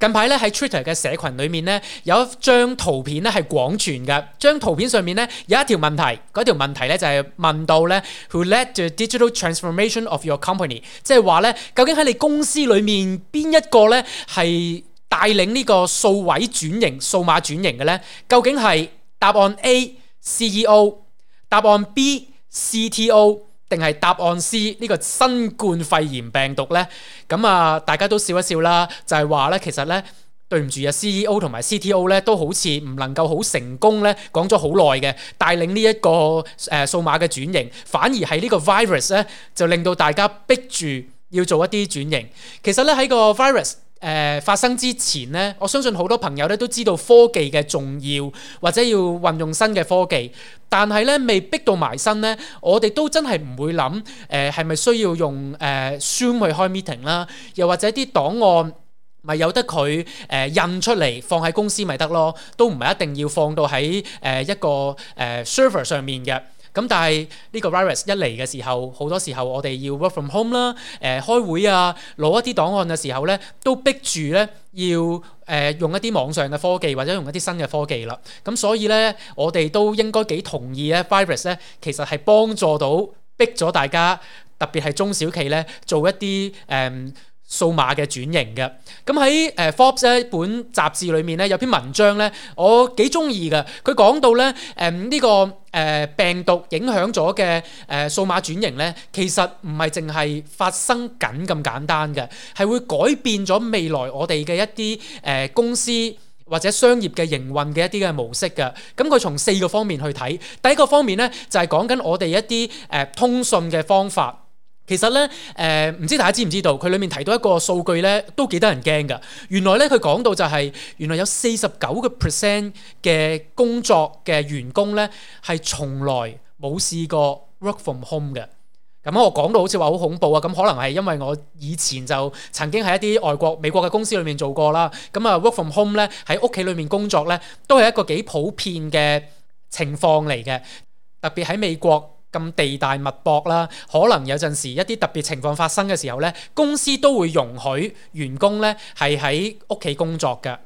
近排咧喺 Twitter 嘅社群裏面咧有一張圖片咧係廣傳嘅。張圖片上面咧有一條問題，嗰條問題咧就係問到咧 Who led the digital transformation of your company？即係話咧，究竟喺你公司裏面邊一個咧係帶領呢個數位轉型、數碼轉型嘅咧？究竟係答案 A、CEO，答案 B、CTO，定係答案 C 呢個新冠肺炎病毒呢？咁啊大家都笑一笑啦，就係話呢，其實呢，對唔住啊，CEO 同埋 CTO 呢都好似唔能夠好成功呢，講咗好耐嘅帶領呢、這、一個誒、呃、數碼嘅轉型，反而係呢個 virus 呢，就令到大家逼住要做一啲轉型。其實呢，喺個 virus，誒、呃、發生之前咧，我相信好多朋友咧都知道科技嘅重要，或者要運用新嘅科技，但係咧未逼到埋身咧，我哋都真係唔會諗誒係咪需要用誒、呃、Zoom 去開 meeting 啦，又或者啲檔案咪由得佢、呃、印出嚟放喺公司咪得咯，都唔係一定要放到喺、呃、一個、呃、server 上面嘅。咁但係呢個 virus 一嚟嘅時候，好多時候我哋要 work from home 啦，誒、呃、開會啊，攞一啲檔案嘅時候咧，都逼住咧要、呃、用一啲網上嘅科技或者用一啲新嘅科技啦。咁所以咧，我哋都應該幾同意咧，virus 咧其實係幫助到逼咗大家，特別係中小企咧做一啲誒數碼嘅轉型嘅，咁喺誒 Forbes 一本雜誌裏面咧有篇文章咧，我幾中意嘅。佢講到咧誒呢、呃這個誒、呃、病毒影響咗嘅誒數碼轉型咧，其實唔係淨係發生緊咁簡單嘅，係會改變咗未來我哋嘅一啲誒、呃、公司或者商業嘅營運嘅一啲嘅模式嘅。咁佢從四個方面去睇，第一個方面咧就係講緊我哋一啲誒、呃、通訊嘅方法。其實咧，誒、呃、唔知大家知唔知道，佢裏面提到一個數據咧，都幾得人驚㗎。原來咧，佢講到就係、是、原來有四十九個 percent 嘅工作嘅員工咧，係從來冇試過 work from home 嘅。咁、嗯、我講到好似話好恐怖啊！咁、嗯、可能係因為我以前就曾經喺一啲外國、美國嘅公司裏面做過啦。咁、嗯、啊，work from home 咧喺屋企裏面工作咧，都係一個幾普遍嘅情況嚟嘅，特別喺美國。咁地大物博啦，可能有陣時一啲特別情況發生嘅時候咧，公司都會容許員工咧係喺屋企工作嘅。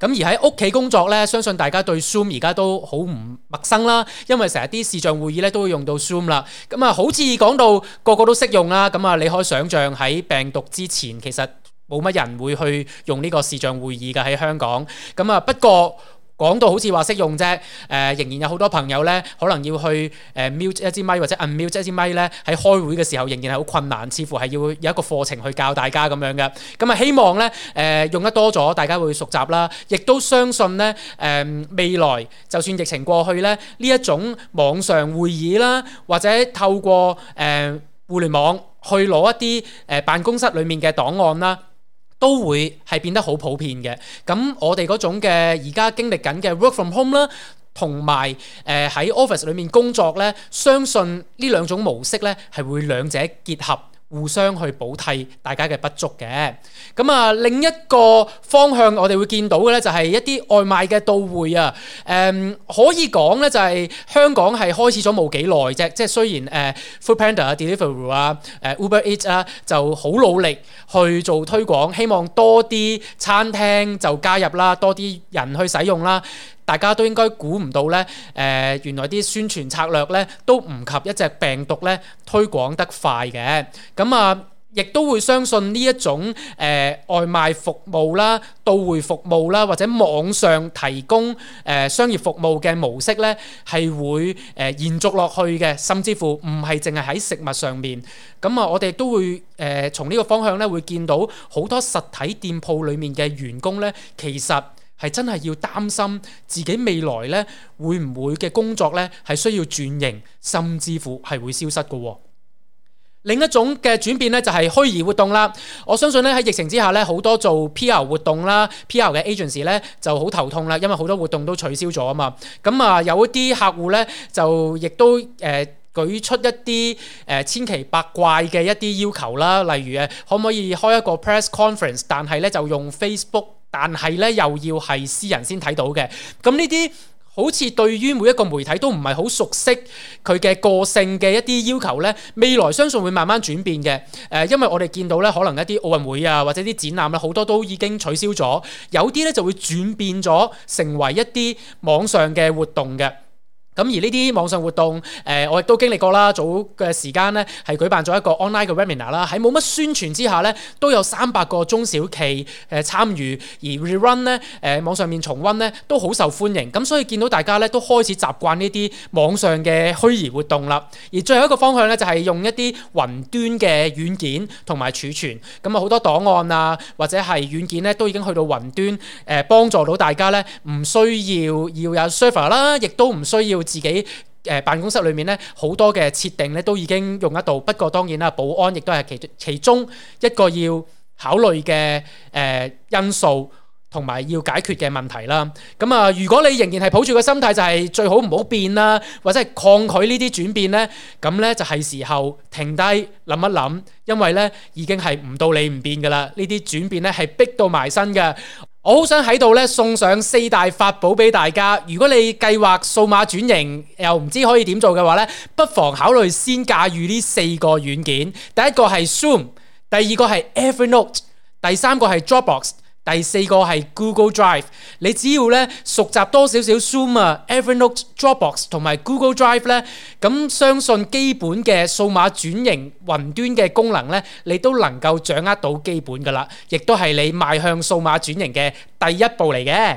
咁而喺屋企工作咧，相信大家對 Zoom 而家都好唔陌生啦，因為成日啲視像會議咧都會用到 Zoom 啦。咁啊，好似講到個個都識用啦。咁啊，你可以想象喺病毒之前，其實冇乜人會去用呢個視像會議嘅喺香港。咁啊，不過。講到好似話識用啫、呃，仍然有好多朋友咧，可能要去 mute 一支咪，呃、mic，或者 unmute 一支咪咧，喺開會嘅時候仍然係好困難，似乎係要有一個課程去教大家咁樣嘅。咁啊、嗯，希望咧、呃、用得多咗，大家會熟習啦。亦都相信咧、呃、未來，就算疫情過去咧，呢一種網上會議啦，或者透過、呃、互聯網去攞一啲誒、呃、辦公室裏面嘅檔案啦。都會係變得好普遍嘅，咁我哋嗰種嘅而家經歷緊嘅 work from home 啦，同埋誒喺 office 裏面工作咧，相信呢兩種模式咧係會兩者結合。互相去補替大家嘅不足嘅、啊，咁啊另一個方向我哋會見到嘅咧就係一啲外賣嘅到會啊，嗯、可以講咧就係香港係開始咗冇幾耐啫，即係雖然誒、呃、Foodpanda 啊、Deliveroo、呃 e、啊、誒 Uber Eats 就好努力去做推廣，希望多啲餐廳就加入啦，多啲人去使用啦。大家都應該估唔到咧，誒、呃、原來啲宣傳策略咧都唔及一隻病毒咧推廣得快嘅。咁啊，亦都會相信呢一種誒、呃、外賣服務啦、到會服務啦或者網上提供誒、呃、商業服務嘅模式咧，係會誒、呃、延續落去嘅，甚至乎唔係淨係喺食物上面。咁啊，我哋都會誒、呃、從呢個方向咧，會見到好多實體店鋪裏面嘅員工咧，其實。係真係要擔心自己未來呢，會唔會嘅工作呢係需要轉型，甚至乎係會消失嘅、哦。另一種嘅轉變呢，就係、是、虛擬活動啦。我相信呢，喺疫情之下呢，好多做 PR 活動啦、PR 嘅 agency 呢就好頭痛啦，因為好多活動都取消咗啊嘛。咁啊，有一啲客戶呢，就亦都誒、呃、舉出一啲誒、呃、千奇百怪嘅一啲要求啦，例如誒可唔可以開一個 press conference，但係呢，就用 Facebook。但係咧，又要係私人先睇到嘅。咁呢啲好似對於每一個媒體都唔係好熟悉佢嘅個性嘅一啲要求咧，未來相信會慢慢轉變嘅。呃，因為我哋見到咧，可能一啲奧運會啊，或者啲展覽咧，好多都已經取消咗，有啲咧就會轉變咗成為一啲網上嘅活動嘅。咁而呢啲網上活動，呃、我亦都經歷過啦。早嘅時間咧，係舉辦咗一個 online 嘅 webinar 啦。喺冇乜宣傳之下咧，都有三百個中小企誒、呃、參與。而 re-run 咧，誒、呃、網上面重溫咧，都好受歡迎。咁所以見到大家咧都開始習慣呢啲網上嘅虛擬活動啦。而最後一個方向咧，就係、是、用一啲雲端嘅軟件同埋儲存。咁啊好多檔案啊，或者係軟件咧，都已經去到雲端、呃、幫助到大家咧，唔需要要有 server 啦，亦都唔需要。自己，誒，辦公室裏面咧，好多嘅設定咧，都已經用得到，不過當然啦，保安亦都係其其中一個要考慮嘅誒，因素，同埋要解決嘅問題啦。咁啊，如果你仍然係抱住個心態就係最好唔好變啦，或者係抗拒呢啲轉變咧，咁咧就係時候停低諗一諗，因為咧已經係唔到你唔變㗎喇，呢啲轉變咧係逼到埋身嘅。我好想喺度呢送上四大法寶俾大家。如果你計劃數碼轉型，又唔知可以點做嘅話呢，不妨考慮先駕馭呢四個軟件。第一個係 Zoom，第二個係 Evernote，第三個係 Dropbox。第四個係 Google Drive，你只要咧熟習多少少 Zoom、Evernote、Dropbox 同埋 Google Drive 咧，咁相信基本嘅數碼轉型雲端嘅功能咧，你都能夠掌握到基本噶啦，亦都係你邁向數碼轉型嘅第一步嚟嘅。